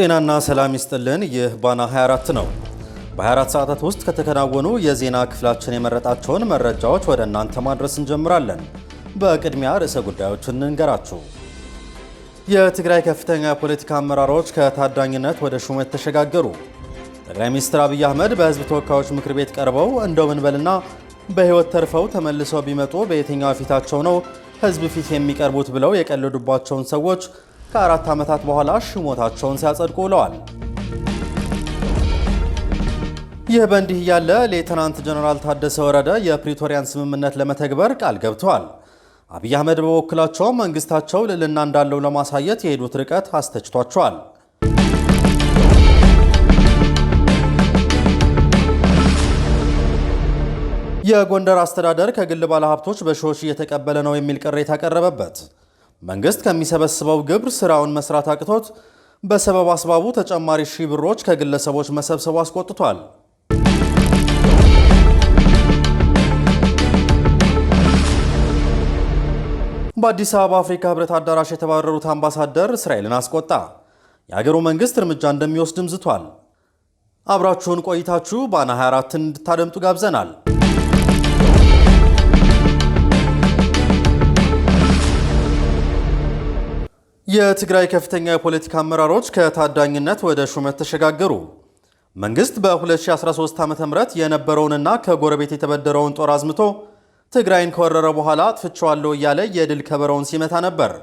ጤናና ሰላም ይስጥልን። ይህ ባና 24 ነው። በ24 ሰዓታት ውስጥ ከተከናወኑ የዜና ክፍላችን የመረጣቸውን መረጃዎች ወደ እናንተ ማድረስ እንጀምራለን። በቅድሚያ ርዕሰ ጉዳዮችን እንንገራችሁ። የትግራይ ከፍተኛ የፖለቲካ አመራሮች ከታዳኝነት ወደ ሹመት ተሸጋገሩ። ጠቅላይ ሚኒስትር አብይ አህመድ በህዝብ ተወካዮች ምክር ቤት ቀርበው እንደው ምንበልና በሕይወት ተርፈው ተመልሰው ቢመጡ በየትኛው ፊታቸው ነው ህዝብ ፊት የሚቀርቡት ብለው የቀለዱባቸውን ሰዎች ከአራት ዓመታት በኋላ ሹመታቸውን ሲያጸድቁ ውለዋል። ይህ በእንዲህ እያለ ሌተናንት ጀነራል ታደሰ ወረደ የፕሪቶሪያን ስምምነት ለመተግበር ቃል ገብተዋል። አብይ አህመድ በበኩላቸው መንግስታቸው ልዕልና እንዳለው ለማሳየት የሄዱት ርቀት አስተችቷቸዋል። የጎንደር አስተዳደር ከግል ባለሀብቶች በሺዎች እየተቀበለ ነው የሚል ቅሬታ ቀረበበት። መንግስት ከሚሰበስበው ግብር ስራውን መስራት አቅቶት በሰበብ አስባቡ ተጨማሪ ሺህ ብሮች ከግለሰቦች መሰብሰቡ አስቆጥቷል። በአዲስ አበባ አፍሪካ ህብረት አዳራሽ የተባረሩት አምባሳደር እስራኤልን አስቆጣ። የአገሩ መንግስት እርምጃ እንደሚወስድም ዝቷል። አብራችሁን ቆይታችሁ ባና 24 እንድታደምጡ ጋብዘናል። የትግራይ ከፍተኛ የፖለቲካ አመራሮች ከታዳኝነት ወደ ሹመት ተሸጋገሩ። መንግስት በ2013 ዓ ም የነበረውንና ከጎረቤት የተበደረውን ጦር አዝምቶ ትግራይን ከወረረ በኋላ አጥፍቼዋለሁ እያለ የድል ከበረውን ሲመታ ነበር።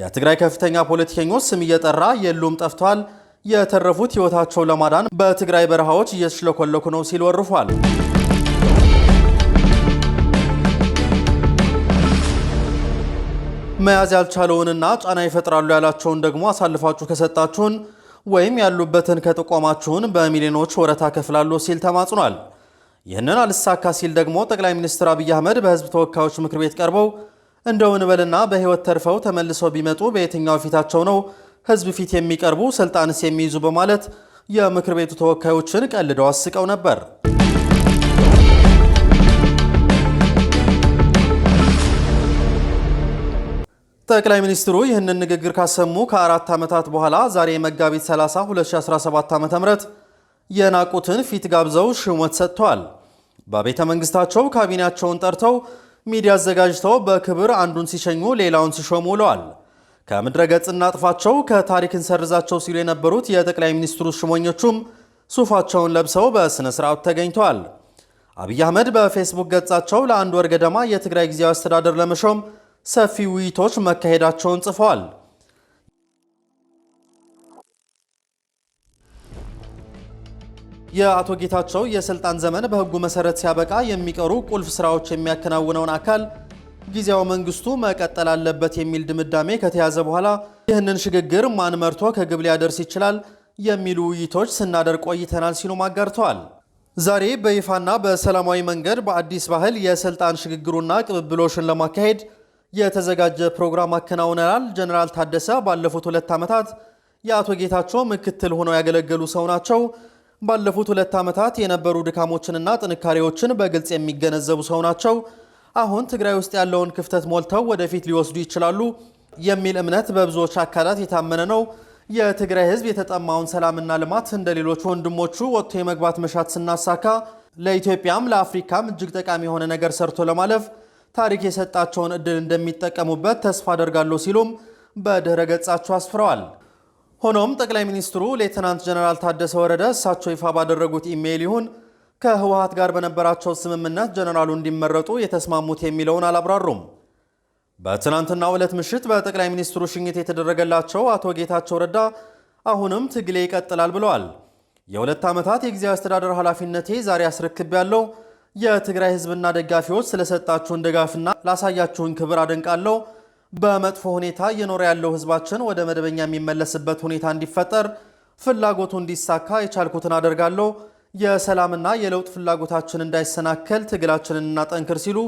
የትግራይ ከፍተኛ ፖለቲከኞች ስም እየጠራ የሉም ጠፍቷል፣ የተረፉት ሕይወታቸውን ለማዳን በትግራይ በረሃዎች እየተሽለኮለኩ ነው ሲል ወርፏል። መያዝ ያልቻለውንና ጫና ይፈጥራሉ ያላቸውን ደግሞ አሳልፋችሁ ከሰጣችሁን ወይም ያሉበትን ከጥቆማችሁን በሚሊዮኖች ወረታ ከፍላለሁ ሲል ተማጽኗል። ይህንን አልሳካ ሲል ደግሞ ጠቅላይ ሚኒስትር አብይ አህመድ በህዝብ ተወካዮች ምክር ቤት ቀርበው እንደውንበልና በሕይወት ተርፈው ተመልሰው ቢመጡ በየትኛው ፊታቸው ነው ህዝብ ፊት የሚቀርቡ ስልጣንስ የሚይዙ በማለት የምክር ቤቱ ተወካዮችን ቀልደው አስቀው ነበር። ጠቅላይ ሚኒስትሩ ይህንን ንግግር ካሰሙ ከአራት ዓመታት በኋላ ዛሬ መጋቢት 30 2017 ዓ ም የናቁትን ፊት ጋብዘው ሹመት ሰጥተዋል። በቤተ መንግሥታቸው ካቢኔያቸውን ጠርተው ሚዲያ አዘጋጅተው በክብር አንዱን ሲሸኙ ሌላውን ሲሾሙ ውለዋል። ከምድረ ገጽ እናጥፋቸው፣ ከታሪክ እንሰርዛቸው ሲሉ የነበሩት የጠቅላይ ሚኒስትሩ ሹመኞቹም ሱፋቸውን ለብሰው በሥነ ሥርዓቱ ተገኝተዋል። አብይ አህመድ በፌስቡክ ገጻቸው ለአንድ ወር ገደማ የትግራይ ጊዜያዊ አስተዳደር ለመሾም ሰፊ ውይይቶች መካሄዳቸውን ጽፈዋል። የአቶ ጌታቸው የስልጣን ዘመን በሕጉ መሰረት ሲያበቃ የሚቀሩ ቁልፍ ስራዎች የሚያከናውነውን አካል ጊዜያዊ መንግስቱ መቀጠል አለበት የሚል ድምዳሜ ከተያዘ በኋላ ይህንን ሽግግር ማን መርቶ ከግብ ሊያደርስ ይችላል የሚሉ ውይይቶች ስናደር ቆይተናል ሲሉም አጋርተዋል። ዛሬ በይፋና በሰላማዊ መንገድ በአዲስ ባህል የስልጣን ሽግግሩና ቅብብሎሽን ለማካሄድ የተዘጋጀ ፕሮግራም አከናውነናል። ጀነራል ታደሰ ባለፉት ሁለት ዓመታት የአቶ ጌታቸው ምክትል ሆነው ያገለገሉ ሰው ናቸው። ባለፉት ሁለት ዓመታት የነበሩ ድካሞችንና ጥንካሬዎችን በግልጽ የሚገነዘቡ ሰው ናቸው። አሁን ትግራይ ውስጥ ያለውን ክፍተት ሞልተው ወደፊት ሊወስዱ ይችላሉ የሚል እምነት በብዙዎች አካላት የታመነ ነው። የትግራይ ሕዝብ የተጠማውን ሰላምና ልማት እንደ ሌሎች ወንድሞቹ ወጥቶ የመግባት መሻት ስናሳካ ለኢትዮጵያም ለአፍሪካም እጅግ ጠቃሚ የሆነ ነገር ሰርቶ ለማለፍ ታሪክ የሰጣቸውን እድል እንደሚጠቀሙበት ተስፋ አደርጋለሁ ሲሉም በድረ ገጻቸው አስፍረዋል። ሆኖም ጠቅላይ ሚኒስትሩ ሌተናንት ጀነራል ታደሰ ወረደ እሳቸው ይፋ ባደረጉት ኢሜይል ይሁን ከህወሀት ጋር በነበራቸው ስምምነት ጀነራሉ እንዲመረጡ የተስማሙት የሚለውን አላብራሩም። በትናንትናው ዕለት ምሽት በጠቅላይ ሚኒስትሩ ሽኝት የተደረገላቸው አቶ ጌታቸው ረዳ አሁንም ትግሌ ይቀጥላል ብለዋል። የሁለት ዓመታት የጊዜያዊ አስተዳደር ኃላፊነቴ ዛሬ አስረክቤያለሁ የትግራይ ህዝብና ደጋፊዎች ስለሰጣችሁን ድጋፍና ላሳያችሁን ክብር አደንቃለሁ። በመጥፎ ሁኔታ እየኖረ ያለው ህዝባችን ወደ መደበኛ የሚመለስበት ሁኔታ እንዲፈጠር፣ ፍላጎቱ እንዲሳካ የቻልኩትን አደርጋለሁ። የሰላምና የለውጥ ፍላጎታችን እንዳይሰናከል ትግላችንን እናጠንክር ሲሉ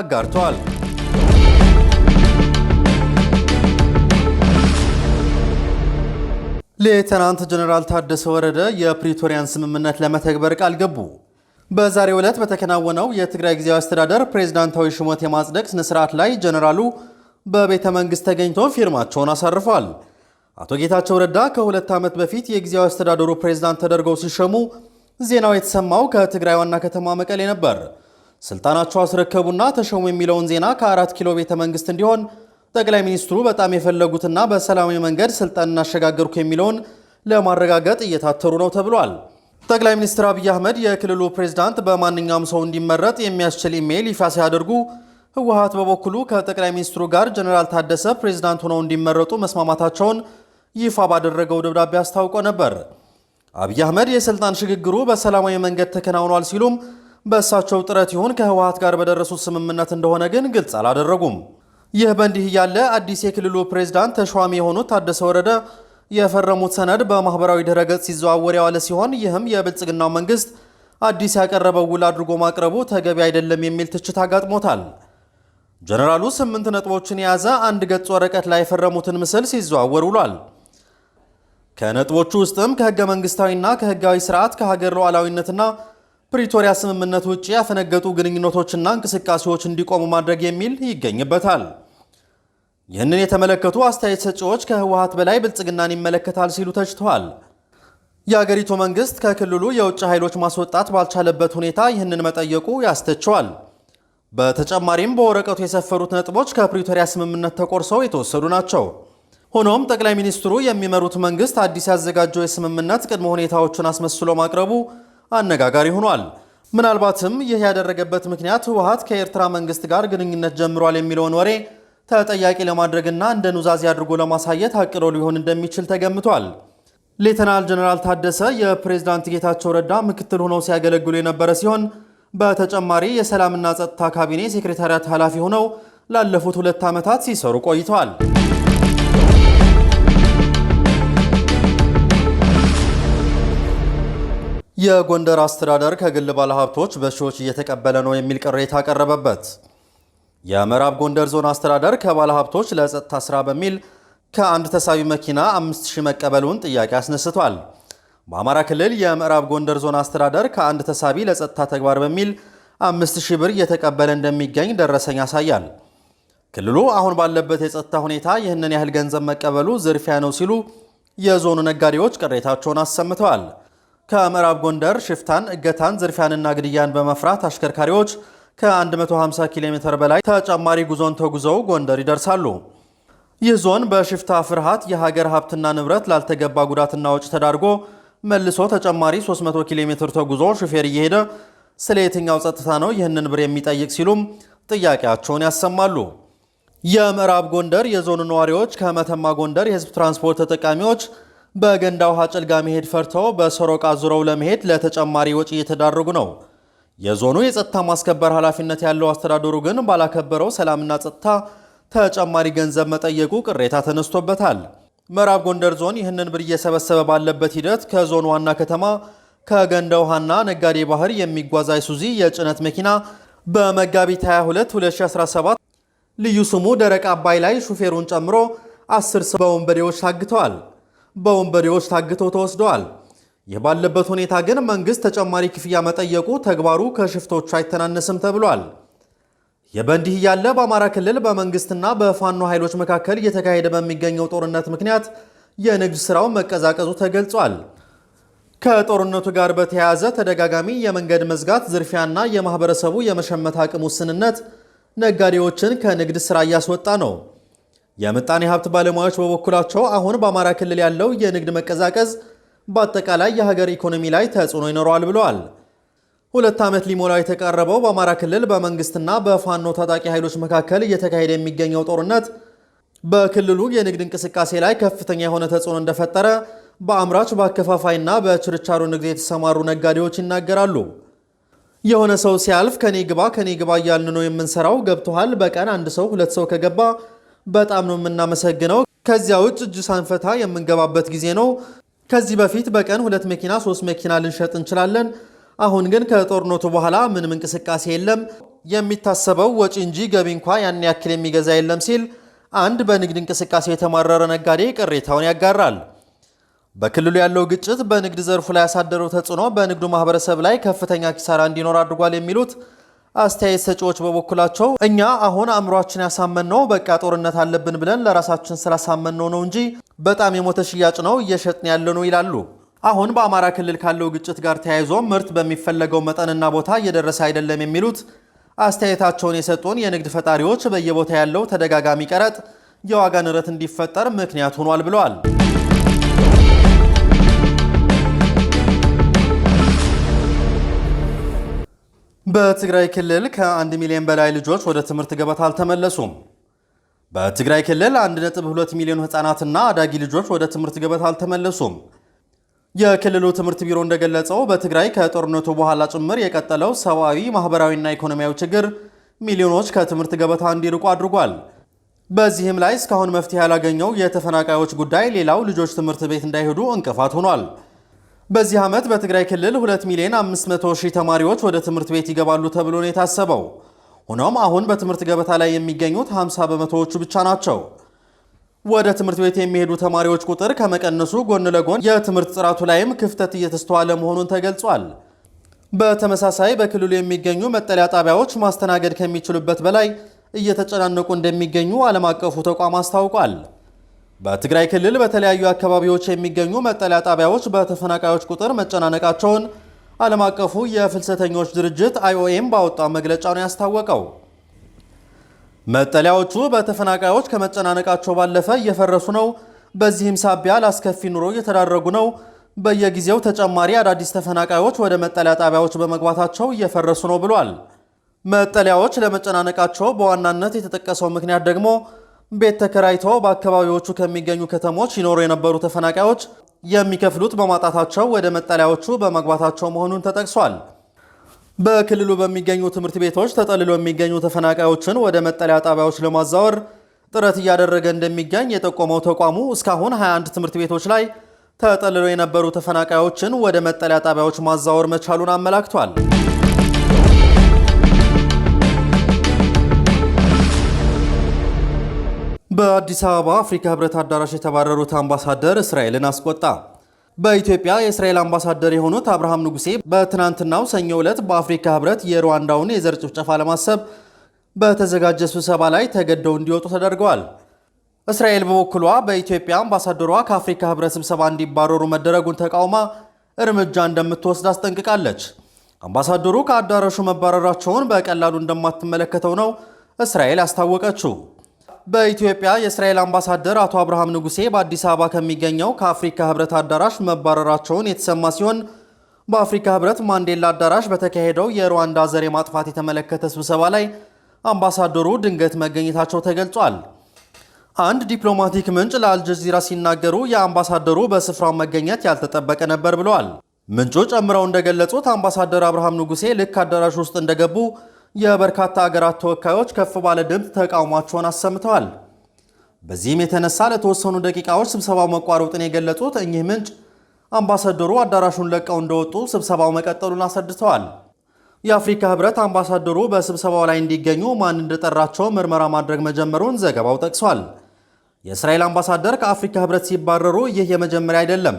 አጋርተዋል። ሌተናንት ጀነራል ታደሰ ወረደ የፕሪቶሪያን ስምምነት ለመተግበር ቃል ገቡ። በዛሬ ዕለት በተከናወነው የትግራይ ጊዜያዊ አስተዳደር ፕሬዝዳንታዊ ሹመት የማጽደቅ ስነ ላይ ጀኔራሉ በቤተ መንግሥት ተገኝቶ ፊርማቸውን አሳርፏል። አቶ ጌታቸው ረዳ ከሁለት ዓመት በፊት የጊዜያዊ አስተዳደሩ ፕሬዝዳንት ተደርገው ሲሸሙ፣ ዜናው የተሰማው ከትግራይ ዋና ከተማ መቀሌ ነበር። ስልጣናቸው አስረከቡና ተሸሙ የሚለውን ዜና ከአራት ኪሎ ቤተ መንግሥት እንዲሆን ጠቅላይ ሚኒስትሩ በጣም የፈለጉትና በሰላማዊ መንገድ ስልጣን እናሸጋገርኩ የሚለውን ለማረጋገጥ እየታተሩ ነው ተብሏል። ጠቅላይ ሚኒስትር አብይ አህመድ የክልሉ ፕሬዝዳንት በማንኛውም ሰው እንዲመረጥ የሚያስችል ኢሜይል ይፋ ሲያደርጉ ህወሀት በበኩሉ ከጠቅላይ ሚኒስትሩ ጋር ጀኔራል ታደሰ ፕሬዝዳንት ሆነው እንዲመረጡ መስማማታቸውን ይፋ ባደረገው ደብዳቤ አስታውቆ ነበር። አብይ አህመድ የስልጣን ሽግግሩ በሰላማዊ መንገድ ተከናውኗል ሲሉም በእሳቸው ጥረት ይሁን ከህወሀት ጋር በደረሱት ስምምነት እንደሆነ ግን ግልጽ አላደረጉም። ይህ በእንዲህ እያለ አዲስ የክልሉ ፕሬዝዳንት ተሿሚ የሆኑት ታደሰ ወረደ የፈረሙት ሰነድ በማህበራዊ ድረገጽ ሲዘዋወር የዋለ ሲሆን ይህም የብልጽግናው መንግስት አዲስ ያቀረበው ውል አድርጎ ማቅረቡ ተገቢ አይደለም የሚል ትችት አጋጥሞታል። ጀነራሉ ስምንት ነጥቦችን የያዘ አንድ ገጽ ወረቀት ላይ የፈረሙትን ምስል ሲዘዋወር ውሏል። ከነጥቦቹ ውስጥም ከህገ መንግስታዊና ከህጋዊ ስርዓት ከሀገር ሉዓላዊነትና ፕሪቶሪያ ስምምነት ውጭ ያፈነገጡ ግንኙነቶችና እንቅስቃሴዎች እንዲቆሙ ማድረግ የሚል ይገኝበታል። ይህንን የተመለከቱ አስተያየት ሰጪዎች ከህወሀት በላይ ብልጽግናን ይመለከታል ሲሉ ተችተዋል። የአገሪቱ መንግስት ከክልሉ የውጭ ኃይሎች ማስወጣት ባልቻለበት ሁኔታ ይህንን መጠየቁ ያስተቸዋል። በተጨማሪም በወረቀቱ የሰፈሩት ነጥቦች ከፕሪቶሪያ ስምምነት ተቆርሰው የተወሰዱ ናቸው። ሆኖም ጠቅላይ ሚኒስትሩ የሚመሩት መንግስት አዲስ ያዘጋጀው የስምምነት ቅድመ ሁኔታዎቹን አስመስሎ ማቅረቡ አነጋጋሪ ሆኗል። ምናልባትም ይህ ያደረገበት ምክንያት ህወሀት ከኤርትራ መንግስት ጋር ግንኙነት ጀምሯል የሚለውን ወሬ ተጠያቂ ለማድረግና እንደ ኑዛዜ አድርጎ ለማሳየት አቅዶ ሊሆን እንደሚችል ተገምቷል። ሌተናል ጀነራል ታደሰ የፕሬዝዳንት ጌታቸው ረዳ ምክትል ሆነው ሲያገለግሉ የነበረ ሲሆን በተጨማሪ የሰላምና ጸጥታ ካቢኔ ሴክሬታሪያት ኃላፊ ሆነው ላለፉት ሁለት ዓመታት ሲሰሩ ቆይተዋል። የጎንደር አስተዳደር ከግል ባለሀብቶች በሺዎች እየተቀበለ ነው የሚል ቅሬታ ቀረበበት። የምዕራብ ጎንደር ዞን አስተዳደር ከባለ ሀብቶች ለጸጥታ ሥራ በሚል ከአንድ ተሳቢ መኪና 5000 መቀበሉን ጥያቄ አስነስቷል። በአማራ ክልል የምዕራብ ጎንደር ዞን አስተዳደር ከአንድ ተሳቢ ለጸጥታ ተግባር በሚል 5000 ብር እየተቀበለ እንደሚገኝ ደረሰኝ ያሳያል። ክልሉ አሁን ባለበት የጸጥታ ሁኔታ ይህንን ያህል ገንዘብ መቀበሉ ዝርፊያ ነው ሲሉ የዞኑ ነጋዴዎች ቅሬታቸውን አሰምተዋል። ከምዕራብ ጎንደር ሽፍታን፣ እገታን፣ ዝርፊያንና ግድያን በመፍራት አሽከርካሪዎች ከ150 ኪሎ ሜትር በላይ ተጨማሪ ጉዞን ተጉዘው ጎንደር ይደርሳሉ። ይህ ዞን በሽፍታ ፍርሃት የሀገር ሀብትና ንብረት ላልተገባ ጉዳትና ወጪ ተዳርጎ መልሶ ተጨማሪ 300 ኪሎ ሜትር ተጉዞ ሹፌር እየሄደ ስለ የትኛው ጸጥታ ነው ይህንን ብር የሚጠይቅ ሲሉም ጥያቄያቸውን ያሰማሉ። የምዕራብ ጎንደር የዞኑ ነዋሪዎች ከመተማ ጎንደር የህዝብ ትራንስፖርት ተጠቃሚዎች በገንዳ ውሃ ጭልጋ መሄድ ፈርተው በሰሮቃ ዙረው ለመሄድ ለተጨማሪ ወጪ እየተዳረጉ ነው። የዞኑ የጸጥታ ማስከበር ኃላፊነት ያለው አስተዳደሩ ግን ባላከበረው ሰላምና ጸጥታ ተጨማሪ ገንዘብ መጠየቁ ቅሬታ ተነስቶበታል። ምዕራብ ጎንደር ዞን ይህንን ብር እየሰበሰበ ባለበት ሂደት ከዞን ዋና ከተማ ከገንደ ውሃና ነጋዴ ባህር የሚጓዝ አይሱዚ የጭነት መኪና በመጋቢት 22 2017 ልዩ ስሙ ደረቅ አባይ ላይ ሹፌሩን ጨምሮ አስር ሰው በወንበዴዎች ታግተዋል። በወንበዴዎች ታግተው ተወስደዋል። ይህ ባለበት ሁኔታ ግን መንግሥት ተጨማሪ ክፍያ መጠየቁ ተግባሩ ከሽፍቶቹ አይተናነስም ተብሏል። ይህ በእንዲህ እያለ በአማራ ክልል በመንግሥትና በፋኖ ኃይሎች መካከል እየተካሄደ በሚገኘው ጦርነት ምክንያት የንግድ ሥራው መቀዛቀዙ ተገልጿል። ከጦርነቱ ጋር በተያያዘ ተደጋጋሚ የመንገድ መዝጋት፣ ዝርፊያና የማኅበረሰቡ የመሸመት አቅም ውስንነት ነጋዴዎችን ከንግድ ሥራ እያስወጣ ነው። የምጣኔ ሀብት ባለሙያዎች በበኩላቸው አሁን በአማራ ክልል ያለው የንግድ መቀዛቀዝ በአጠቃላይ የሀገር ኢኮኖሚ ላይ ተጽዕኖ ይኖረዋል ብለዋል። ሁለት ዓመት ሊሞላው የተቃረበው በአማራ ክልል በመንግስትና በፋኖ ታጣቂ ኃይሎች መካከል እየተካሄደ የሚገኘው ጦርነት በክልሉ የንግድ እንቅስቃሴ ላይ ከፍተኛ የሆነ ተጽዕኖ እንደፈጠረ በአምራች በአከፋፋይና በችርቻሮ ንግድ የተሰማሩ ነጋዴዎች ይናገራሉ። የሆነ ሰው ሲያልፍ ከኔ ግባ ከኔ ግባ እያልን ነው የምንሰራው። ገብቶሃል? በቀን አንድ ሰው ሁለት ሰው ከገባ በጣም ነው የምናመሰግነው። ከዚያ ውጭ እጅ ሳንፈታ የምንገባበት ጊዜ ነው። ከዚህ በፊት በቀን ሁለት መኪና ሶስት መኪና ልንሸጥ እንችላለን። አሁን ግን ከጦርነቱ በኋላ ምንም እንቅስቃሴ የለም። የሚታሰበው ወጪ እንጂ ገቢ እንኳ ያን ያክል የሚገዛ የለም ሲል አንድ በንግድ እንቅስቃሴ የተማረረ ነጋዴ ቅሬታውን ያጋራል። በክልሉ ያለው ግጭት በንግድ ዘርፉ ላይ ያሳደረው ተጽዕኖ በንግዱ ማህበረሰብ ላይ ከፍተኛ ኪሳራ እንዲኖር አድርጓል የሚሉት አስተያየት ሰጪዎች በበኩላቸው እኛ አሁን አእምሯችን ያሳመን ነው በቃ ጦርነት አለብን ብለን ለራሳችን ስላሳመን ነው ነው እንጂ በጣም የሞተ ሽያጭ ነው እየሸጥን ያለ ነው ይላሉ። አሁን በአማራ ክልል ካለው ግጭት ጋር ተያይዞ ምርት በሚፈለገው መጠንና ቦታ እየደረሰ አይደለም የሚሉት አስተያየታቸውን የሰጡን የንግድ ፈጣሪዎች በየቦታ ያለው ተደጋጋሚ ቀረጥ የዋጋ ንረት እንዲፈጠር ምክንያት ሆኗል ብለዋል። በትግራይ ክልል ከ1 ሚሊዮን በላይ ልጆች ወደ ትምህርት ገበታ አልተመለሱም። በትግራይ ክልል 1.2 ሚሊዮን ህፃናትና አዳጊ ልጆች ወደ ትምህርት ገበታ አልተመለሱም። የክልሉ ትምህርት ቢሮ እንደገለጸው በትግራይ ከጦርነቱ በኋላ ጭምር የቀጠለው ሰብአዊ ማህበራዊና ኢኮኖሚያዊ ችግር ሚሊዮኖች ከትምህርት ገበታ እንዲርቁ አድርጓል። በዚህም ላይ እስካሁን መፍትሄ ያላገኘው የተፈናቃዮች ጉዳይ ሌላው ልጆች ትምህርት ቤት እንዳይሄዱ እንቅፋት ሆኗል። በዚህ ዓመት በትግራይ ክልል 2 ሚሊዮን 500 ሺህ ተማሪዎች ወደ ትምህርት ቤት ይገባሉ ተብሎ ነው የታሰበው። ሆኖም አሁን በትምህርት ገበታ ላይ የሚገኙት 50 በመቶዎቹ ብቻ ናቸው። ወደ ትምህርት ቤት የሚሄዱ ተማሪዎች ቁጥር ከመቀነሱ ጎን ለጎን የትምህርት ጥራቱ ላይም ክፍተት እየተስተዋለ መሆኑን ተገልጿል። በተመሳሳይ በክልሉ የሚገኙ መጠለያ ጣቢያዎች ማስተናገድ ከሚችሉበት በላይ እየተጨናነቁ እንደሚገኙ ዓለም አቀፉ ተቋም አስታውቋል። በትግራይ ክልል በተለያዩ አካባቢዎች የሚገኙ መጠለያ ጣቢያዎች በተፈናቃዮች ቁጥር መጨናነቃቸውን ዓለም አቀፉ የፍልሰተኞች ድርጅት አይኦኤም ባወጣ መግለጫ ነው ያስታወቀው። መጠለያዎቹ በተፈናቃዮች ከመጨናነቃቸው ባለፈ እየፈረሱ ነው። በዚህም ሳቢያ ላስከፊ ኑሮ እየተዳረጉ ነው። በየጊዜው ተጨማሪ አዳዲስ ተፈናቃዮች ወደ መጠለያ ጣቢያዎች በመግባታቸው እየፈረሱ ነው ብሏል። መጠለያዎች ለመጨናነቃቸው በዋናነት የተጠቀሰው ምክንያት ደግሞ ቤት ተከራይቶ በአካባቢዎቹ ከሚገኙ ከተሞች ይኖሩ የነበሩ ተፈናቃዮች የሚከፍሉት በማጣታቸው ወደ መጠለያዎቹ በመግባታቸው መሆኑን ተጠቅሷል። በክልሉ በሚገኙ ትምህርት ቤቶች ተጠልሎ የሚገኙ ተፈናቃዮችን ወደ መጠለያ ጣቢያዎች ለማዛወር ጥረት እያደረገ እንደሚገኝ የጠቆመው ተቋሙ እስካሁን 21 ትምህርት ቤቶች ላይ ተጠልሎ የነበሩ ተፈናቃዮችን ወደ መጠለያ ጣቢያዎች ማዛወር መቻሉን አመላክቷል። በአዲስ አበባ አፍሪካ ህብረት አዳራሽ የተባረሩት አምባሳደር እስራኤልን አስቆጣ። በኢትዮጵያ የእስራኤል አምባሳደር የሆኑት አብርሃም ንጉሴ በትናንትናው ሰኞ ዕለት በአፍሪካ ህብረት የሩዋንዳውን የዘር ጭፍጨፋ ለማሰብ በተዘጋጀ ስብሰባ ላይ ተገደው እንዲወጡ ተደርገዋል። እስራኤል በበኩሏ በኢትዮጵያ አምባሳደሯ ከአፍሪካ ህብረት ስብሰባ እንዲባረሩ መደረጉን ተቃውማ እርምጃ እንደምትወስድ አስጠንቅቃለች። አምባሳደሩ ከአዳራሹ መባረራቸውን በቀላሉ እንደማትመለከተው ነው እስራኤል አስታወቀችው። በኢትዮጵያ የእስራኤል አምባሳደር አቶ አብርሃም ንጉሴ በአዲስ አበባ ከሚገኘው ከአፍሪካ ህብረት አዳራሽ መባረራቸውን የተሰማ ሲሆን በአፍሪካ ህብረት ማንዴላ አዳራሽ በተካሄደው የሩዋንዳ ዘር ማጥፋት የተመለከተ ስብሰባ ላይ አምባሳደሩ ድንገት መገኘታቸው ተገልጿል። አንድ ዲፕሎማቲክ ምንጭ ለአልጀዚራ ሲናገሩ የአምባሳደሩ በስፍራው መገኘት ያልተጠበቀ ነበር ብለዋል። ምንጩ ጨምረው እንደገለጹት አምባሳደር አብርሃም ንጉሴ ልክ አዳራሽ ውስጥ እንደገቡ የበርካታ ሀገራት ተወካዮች ከፍ ባለ ድምፅ ተቃውሟቸውን አሰምተዋል። በዚህም የተነሳ ለተወሰኑ ደቂቃዎች ስብሰባው መቋረጡን የገለጹት እኚህ ምንጭ አምባሳደሩ አዳራሹን ለቀው እንደወጡ ስብሰባው መቀጠሉን አስረድተዋል። የአፍሪካ ህብረት አምባሳደሩ በስብሰባው ላይ እንዲገኙ ማን እንደጠራቸው ምርመራ ማድረግ መጀመሩን ዘገባው ጠቅሷል። የእስራኤል አምባሳደር ከአፍሪካ ህብረት ሲባረሩ ይህ የመጀመሪያ አይደለም።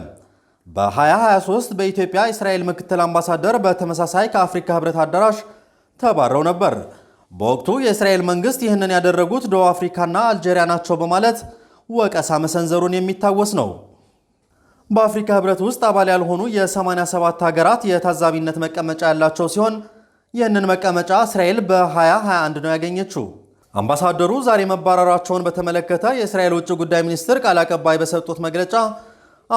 በ2023 በኢትዮጵያ የእስራኤል ምክትል አምባሳደር በተመሳሳይ ከአፍሪካ ህብረት አዳራሽ ተባረው ነበር። በወቅቱ የእስራኤል መንግስት ይህንን ያደረጉት ደቡብ አፍሪካና አልጄሪያ ናቸው በማለት ወቀሳ መሰንዘሩን የሚታወስ ነው። በአፍሪካ ህብረት ውስጥ አባል ያልሆኑ የ87 ሀገራት የታዛቢነት መቀመጫ ያላቸው ሲሆን ይህንን መቀመጫ እስራኤል በ2021 ነው ያገኘችው። አምባሳደሩ ዛሬ መባረራቸውን በተመለከተ የእስራኤል ውጭ ጉዳይ ሚኒስትር ቃል አቀባይ በሰጡት መግለጫ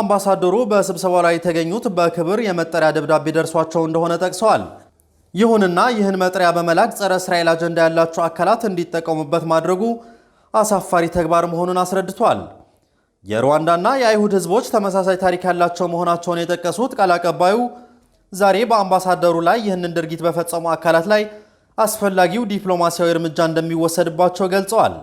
አምባሳደሩ በስብሰባው ላይ የተገኙት በክብር የመጠሪያ ደብዳቤ ደርሷቸው እንደሆነ ጠቅሰዋል። ይሁንና ይህን መጥሪያ በመላክ ጸረ እስራኤል አጀንዳ ያላቸው አካላት እንዲጠቀሙበት ማድረጉ አሳፋሪ ተግባር መሆኑን አስረድቷል። የሩዋንዳና የአይሁድ ህዝቦች ተመሳሳይ ታሪክ ያላቸው መሆናቸውን የጠቀሱት ቃል አቀባዩ ዛሬ በአምባሳደሩ ላይ ይህንን ድርጊት በፈጸሙ አካላት ላይ አስፈላጊው ዲፕሎማሲያዊ እርምጃ እንደሚወሰድባቸው ገልጸዋል።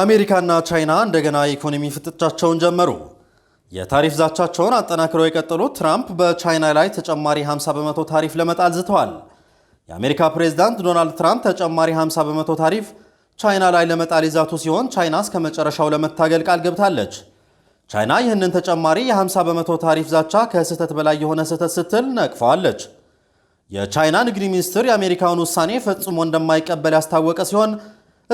አሜሪካና ቻይና እንደገና የኢኮኖሚ ፍጥጫቸውን ጀመሩ። የታሪፍ ዛቻቸውን አጠናክረው የቀጠሉት ትራምፕ በቻይና ላይ ተጨማሪ 50 በመቶ ታሪፍ ለመጣል ዝተዋል። የአሜሪካ ፕሬዝዳንት ዶናልድ ትራምፕ ተጨማሪ 50 በመቶ ታሪፍ ቻይና ላይ ለመጣል ይዛቱ ሲሆን ቻይና እስከ መጨረሻው ለመታገል ቃል ገብታለች። ቻይና ይህንን ተጨማሪ የ50 በመቶ ታሪፍ ዛቻ ከስህተት በላይ የሆነ ስህተት ስትል ነቅፈዋለች። የቻይና ንግድ ሚኒስትር የአሜሪካውን ውሳኔ ፈጽሞ እንደማይቀበል ያስታወቀ ሲሆን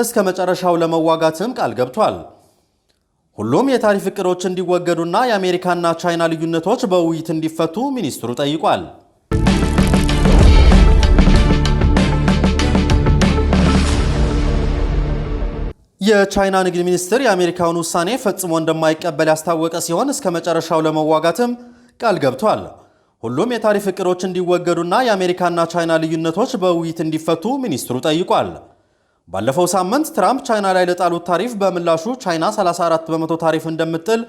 እስከ መጨረሻው ለመዋጋትም ቃል ገብቷል። ሁሉም የታሪፍ እቅዶች እንዲወገዱና የአሜሪካና ቻይና ልዩነቶች በውይይት እንዲፈቱ ሚኒስትሩ ጠይቋል። የቻይና ንግድ ሚኒስትር የአሜሪካውን ውሳኔ ፈጽሞ እንደማይቀበል ያስታወቀ ሲሆን እስከ መጨረሻው ለመዋጋትም ቃል ገብቷል። ሁሉም የታሪፍ እቅዶች እንዲወገዱና የአሜሪካና ቻይና ልዩነቶች በውይይት እንዲፈቱ ሚኒስትሩ ጠይቋል። ባለፈው ሳምንት ትራምፕ ቻይና ላይ ለጣሉት ታሪፍ በምላሹ ቻይና 34 በመቶ ታሪፍ እንደምትጥል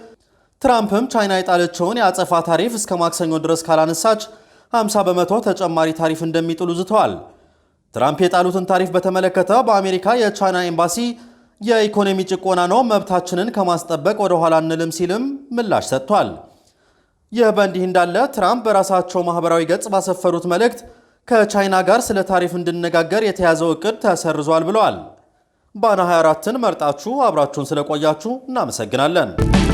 ትራምፕም ቻይና የጣለችውን የአጸፋ ታሪፍ እስከ ማክሰኞ ድረስ ካላነሳች 50 በመቶ ተጨማሪ ታሪፍ እንደሚጥሉ ዝተዋል። ትራምፕ የጣሉትን ታሪፍ በተመለከተ በአሜሪካ የቻይና ኤምባሲ የኢኮኖሚ ጭቆና ነው፣ መብታችንን ከማስጠበቅ ወደ ኋላ እንልም ሲልም ምላሽ ሰጥቷል። ይህ በእንዲህ እንዳለ ትራምፕ በራሳቸው ማኅበራዊ ገጽ ባሰፈሩት መልእክት ከቻይና ጋር ስለ ታሪፍ እንድነጋገር የተያዘው እቅድ ተሰርዟል ብለዋል። ባና 24ን መርጣችሁ አብራችሁን ስለቆያችሁ እናመሰግናለን።